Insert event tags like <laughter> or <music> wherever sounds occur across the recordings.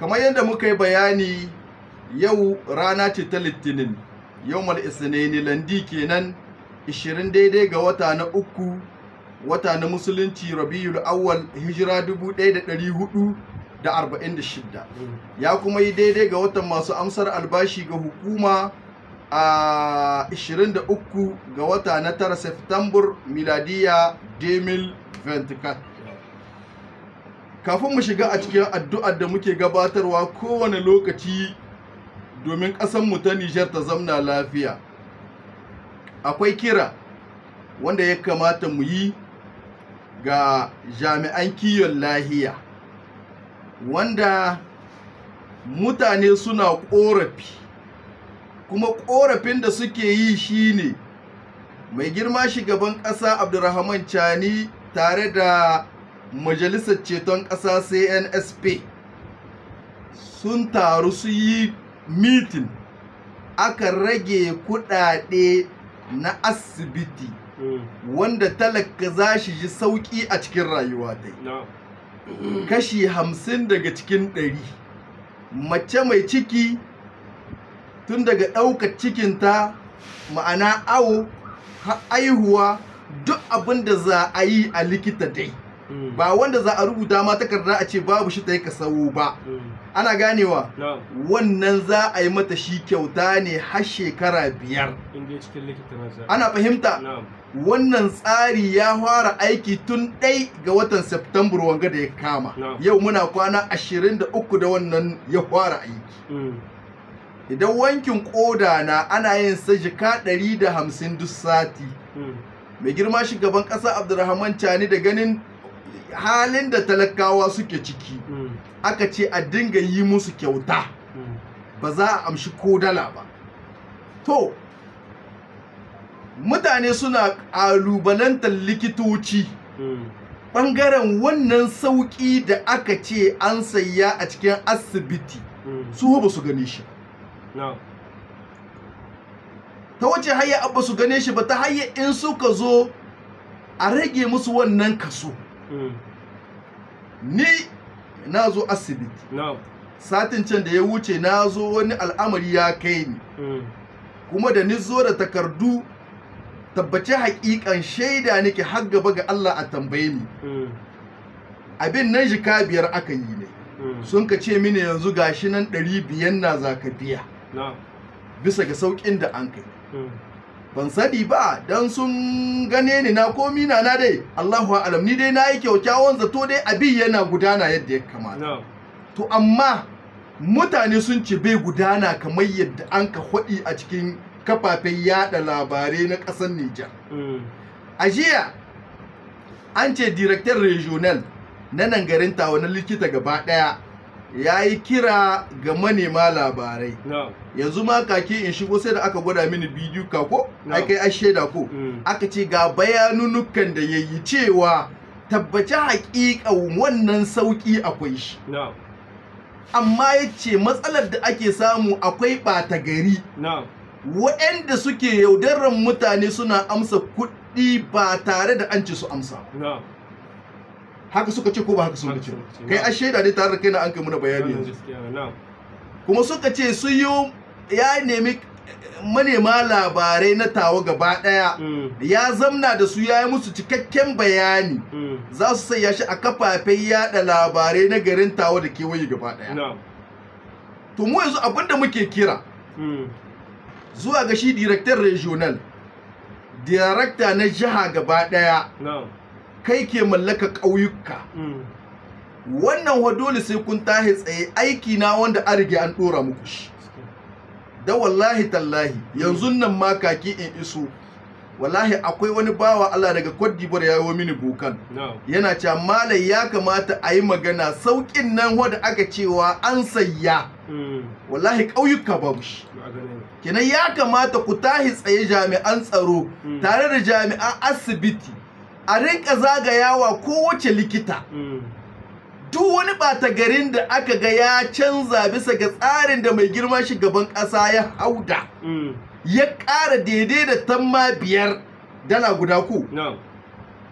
kamar yadda muka yi bayani yau rana ce ta litinin yau mal landi kenan 20 daidai ga wata na uku wata na musulunci rabiul awwal hijira 1446 ya kuma yi daidai ga watan masu amsar albashi ga hukuma a 23 ga wata na tara september miladiya 2024 kafin mu shiga a cikin addu'ar da muke gabatarwa kowane lokaci domin mu ta Nijar ta zamna lafiya akwai kira wanda ya kamata mu yi ga jami'an kiyon lahiya wanda mutane suna ƙorafi kuma ƙorafin da suke yi shine mai girma shugaban ƙasa abdurrahman Chani tare da majalisar ceton ƙasa cnsp sun taru su yi mitin aka rage kudade na asibiti hmm. wanda talaka za shi ji sauƙi a cikin rayuwa dai kashi hamsin daga cikin ɗari mace mai ciki tun daga ɗaukar cikinta ma'ana awo haihuwa duk abinda za a yi a likita dai Mm. ba wanda za a rubuta ma takarda a ce babu shi ta yi kasawo ba mm. ana ganewa wannan za a yi mata shi kyauta ne har shekara biyar ana fahimta wannan tsari ya fara aiki tun ɗai ga watan september wanga da ya kama yau muna kwana 23 da wannan ya fara aiki mm. idan wankin koda na ana yin sa jika 150 duk sati mai girma shugaban ƙasa abdulrahman cani da ganin halin da talakawa suke ciki hmm. aka ce a dinga yi musu kyauta hmm. ba za a amshi ko dala ba to mutane suna ƙalubalantar likitoci hmm. ɓangaren wannan sauƙi da aka ce an saya a cikin asibiti su ba su gane shi ta wace haya abba su gane shi ba ta haya in suka zo a rage musu wannan kaso Mm. ni na zo asibiti satin can da ya wuce na zo wani al'amari ya kai ni mm. kuma da ni zo da takardu tabbace haƙiƙan shaida nake har gaba ga Allah a tambaye ni mm. abin nan jika biyar aka yi ne sun ka ce mini yanzu gashi nan ɗari na zaka biya bisa ga saukin da an kai ban sani ba dan sun gane ni na komi na na dai Allahu alam ni dai na nayi kyakkyawan zato dai abi yana gudana yadda ya kamata to amma mutane sun ce bai gudana kamar yadda an ka hodi a cikin kafafen yada labarai na ƙasar Nijar mm. a jiya an ce director regional na nan garin tawo na likita gaba daya ya yi kira ga manema labarai yanzu ma kake in shigo sai da aka gwada mini bidiyo ka ko aka yi ashe ko mm. aka ce ga bayanunukan da ya yi cewa tabbaci haƙiƙa, wannan sauki akwai shi amma ya ce matsalar da ake samu akwai ɓata gari waɗanda suke yaudarar mutane suna amsa kuɗi ba tare da an ci su amsa haka suka ce ko ba haka suka ce kai a shaida ne tare da kai na an kai muna bayani kuma suka ce sun yi ya nemi manema labarai na tawa gaba daya mm. ya zamna da su ya yi musu cikakken bayani mm. za su sanya shi a kafafen yada labarai na garin tawa da kewaye gaba daya to mu yanzu abinda muke kira mm. zuwa ga shi director regional director na jiha gaba daya kai ke mallaka ƙauyuka hmm. wannan wa dole sai kun tahi tsaye aiki na wanda an rige an ɗora muku shi da wallahi tallahi yanzu hmm. nan ma kaki in iso wallahi akwai wani bawa Allah daga Cote d'Ivoire ya yi mini bukan yana cewa malai ya kamata a yi magana saukin nan wanda aka cewa an sayya hmm. wallahi ƙauyuka ba shi kenan ya kamata ku tahi tsaye jami'an tsaro tare da jami'an asibiti a rinka zagayawa kowace likita mm. duk wani bata garin da aka ga ya canza bisa ga tsarin da mai girma shugaban ƙasa ya hauda mm. ya ƙara daidai da tamma biyar dala guda ku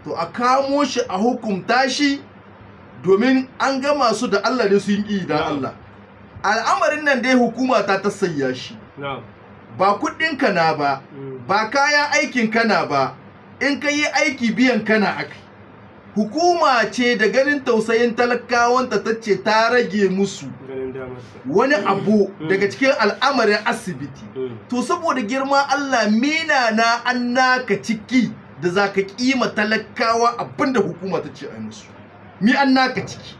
to a kamo shi a hukumta shi domin an ga masu da Allah ne sun yi da Allah al'amarin nan dai hukuma ta ta sanya shi ba kuɗin kana ba mm. ba kayan aikin kana ba in ka yi aiki biyan kana aka hukuma ce da ganin tausayin talakawanta ta ce ta rage musu wani abu mm. daga cikin al'amarin asibiti mm. to saboda girma Allah mina na an naka ciki da za ka kima talakawa abinda hukuma ta ce a musu mi an naka ciki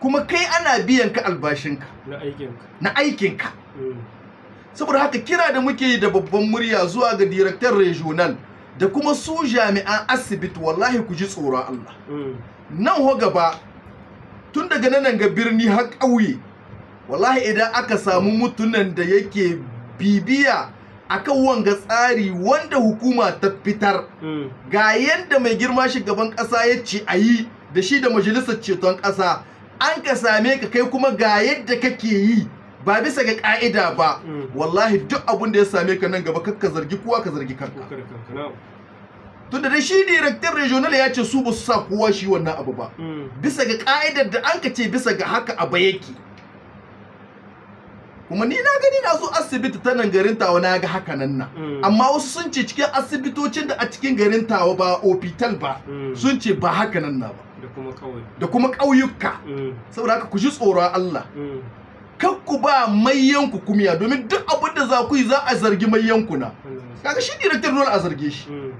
kuma kai ana biyan ka albashinka na aikinka mm. saboda haka kira da muke yi da babban murya zuwa ga direktar regional da kuma su jami'an asibiti wallahi ku ji tsoron Allah mm. nan ho gaba tun daga nan ga birni har ƙauye wallahi idan aka samu mutunan da yake bibiya akan wanga tsari wanda hukuma ta fitar mm. ga yadda mai girma shugaban ƙasa ya ce a yi da shi da majalisar ceton ƙasa an ka same ka kai kuma ga yadda kake yi ba bisa ga ka'ida ba mm. wallahi duk abun da ya same ka nan gaba kakka zargi kowa ka zargi kanka tunda da shi director regional ya ce su ba su sa kowa shi wannan abu ba mm. bisa ga ka'idar da an ka ce bisa ga haka abu yake kuma ni na gani na zo asibiti ta nan garin tawa na ga haka nan na mm. amma wasu sun ce cikin asibitocin da a cikin garin tawa ba opital ba sun ce ba haka nan na ba da kuma ƙauyuka saboda haka ku ji tsoron Allah kar ku ba yanku kumiya domin duk abin da za ku yi za a zargi mayyanku na hmm. kaga shi director dole a zarge shi hmm.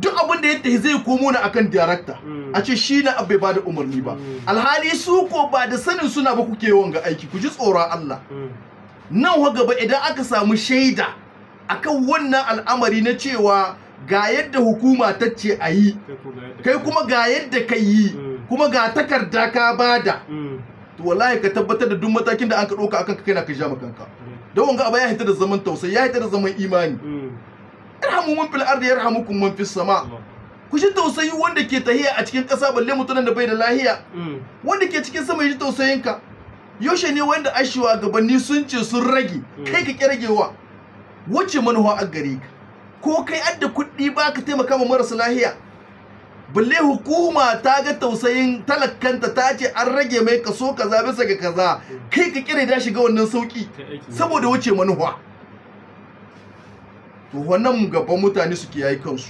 duk abin da yadda zai komo na akan director hmm. a ce shi na abai ba da umarni ba alhali su ko ba da sanin suna ba kuke yawan ga aiki ku ji tsoron Allah nan wa gaba idan aka samu shaida akan wannan al'amari na cewa ga yadda hukuma ta ce a yi kai kuma ga yadda ka yi kuma ga takarda ka bada to wallahi ka tabbatar da duk matakin da an ka ɗauka akan ka kaina ka ja kanka don wanga abaya ya hita da zaman tausayi ya hita da zaman imani irhamu man fil ardi yarhamukum man fis sama ku ji tausayi wanda ke tahiya a cikin ƙasa balle mutunan da bai da lahiya wanda ke cikin sama ya tausayin ka. yaushe ne wanda ashewa gabanni sun ce sun rage kai ka ƙi Wace wacce manuwa a gare ka ko kai adda kuɗi ba ka taimaka ma marasa lahiya balle hukuma ta ga tausayin talakanta ta ce an rage mai kaso kaza bisa ga kaza kai ka kire da shiga wannan sauki saboda wuce manuwa to wannan gaban mutane suke yayi kansu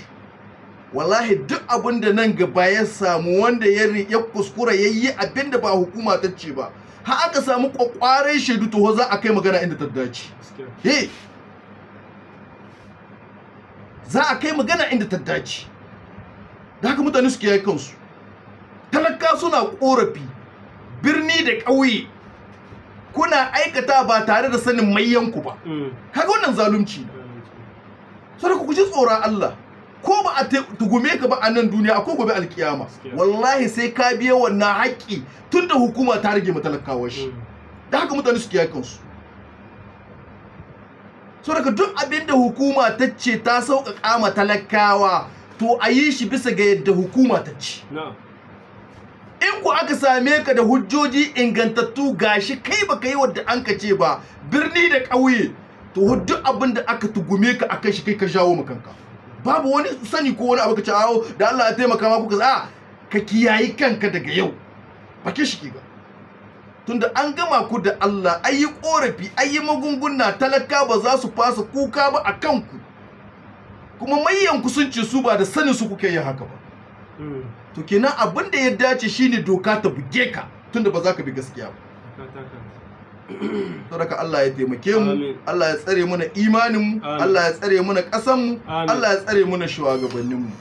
wallahi duk abin da nan gaba ya samu wanda ya ya kuskura yayi yi abin ba hukuma ta ce ba har aka samu kwakwaren shaidu to za a kai magana inda ta dace za a kai magana inda ta dace da haka mutane suke yi kansu talaka suna korafi birni da ƙauye kuna aikata ba tare da sanin mayyanku ba mm. kaga wannan zalunci ne sai ku ji tsoron Allah ko ba a tugume ka ba a nan duniya ko gobe alkiyama wallahi sai ka biya wannan haƙƙi tunda hukuma ta rage talakawa shi mm. da haka mutane suke kiyaye kansu saboda duk abinda hukuma ta ce ta sauƙaƙa ma talakawa. to a yi shi bisa ga yadda hukuma ta ci in ku aka same ka da hujjoji ingantattu gashi kai baka yi wadda an ka ce ba birni da ƙauye to duk abin da aka tugume ka a kai shi kai ka jawo ma kanka babu wani sani ko wani abu ka ce awo da Allah ya taimaka ma kuka a ka kiyayi kanka daga yau ba ke shi ga tunda an gama ku da Allah ayi korafi ayi magunguna talaka ba za su fasa kuka ba akan ku kuma mayan kusanci su ba da sanin su kuke yin haka ba hmm. to kenan abin da ya dace shine doka ta buge ka tunda ba za ka bi gaskiya ba <clears throat> saboda Allah ya taimake mu Allah ya tsare mana imanin mu Allah ya tsare mana ƙasan mu Allah ya tsare mana shugabannin mu